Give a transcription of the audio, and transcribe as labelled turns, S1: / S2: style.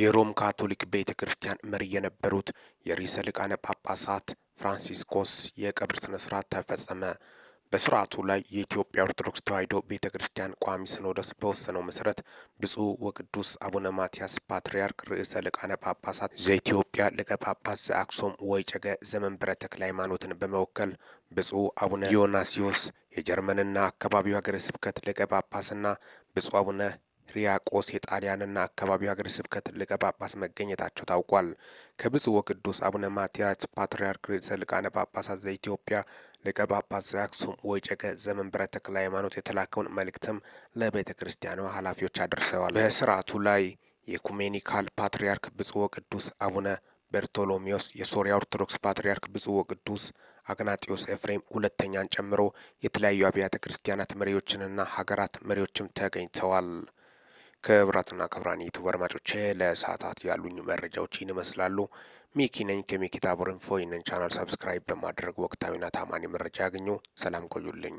S1: የሮም ካቶሊክ ቤተ ክርስቲያን መሪ የነበሩት የርዕሰ ሊቃነ ጳጳሳት ፍራንሲስኮስ የቀብር ስነ ስርዓት ተፈጸመ። በስርዓቱ ላይ የኢትዮጵያ ኦርቶዶክስ ተዋሕዶ ቤተ ክርስቲያን ቋሚ ሲኖዶስ በወሰነው መሰረት ብፁዕ ወቅዱስ አቡነ ማትያስ ፓትርያርክ ርዕሰ ሊቃነ ጳጳሳት ዘኢትዮጵያ ሊቀ ጳጳስ ዘአክሱም ወዕጨጌ ዘመንበረ ተክለ ሃይማኖትን በመወከል ብፁዕ አቡነ ዲዮናስዮስ የጀርመንና አካባቢው ሀገረ ስብከት ሊቀ ጳጳስና ብፁዕ አቡነ ሪያቆስ የጣሊያንና አካባቢው ሀገረ ስብከት ሊቀ ጳጳስ መገኘታቸው ታውቋል። ከብፁዕ ወቅዱስ አቡነ ማትያስ ፓትርያርክ ርዕሰ ሊቃነ ጳጳሳት ዘኢትዮጵያ ሊቀ ጳጳስ ዘአክሱም ወዕጨጌ ዘመንበረ ተክለ ሃይማኖት የተላከውን መልእክትም ለቤተ ክርስቲያኗ ኃላፊዎች አድርሰዋል። በስርዓቱ ላይ የኩሜኒካል ፓትርያርክ ብፁዕ ወቅዱስ አቡነ በርቶሎሜዎስ የሶሪያ ኦርቶዶክስ ፓትርያርክ ብፁዕ ወቅዱስ አግናጢዮስ ኤፍሬም ሁለተኛን ጨምሮ የተለያዩ አብያተ ክርስቲያናት መሪዎችንና ሀገራት መሪዎችም ተገኝተዋል። ክቡራትና ክብራን ዩቱብ አድማጮች ለሰዓታት ያሉኝ መረጃዎች ይህን ይመስላሉ። ሚኪ ነኝ ከሚኪታቦር ኢንፎ። ይህንን ቻናል ሰብስክራይብ በማድረግ ወቅታዊና ታማኒ መረጃ ያገኙ። ሰላም ቆዩልኝ።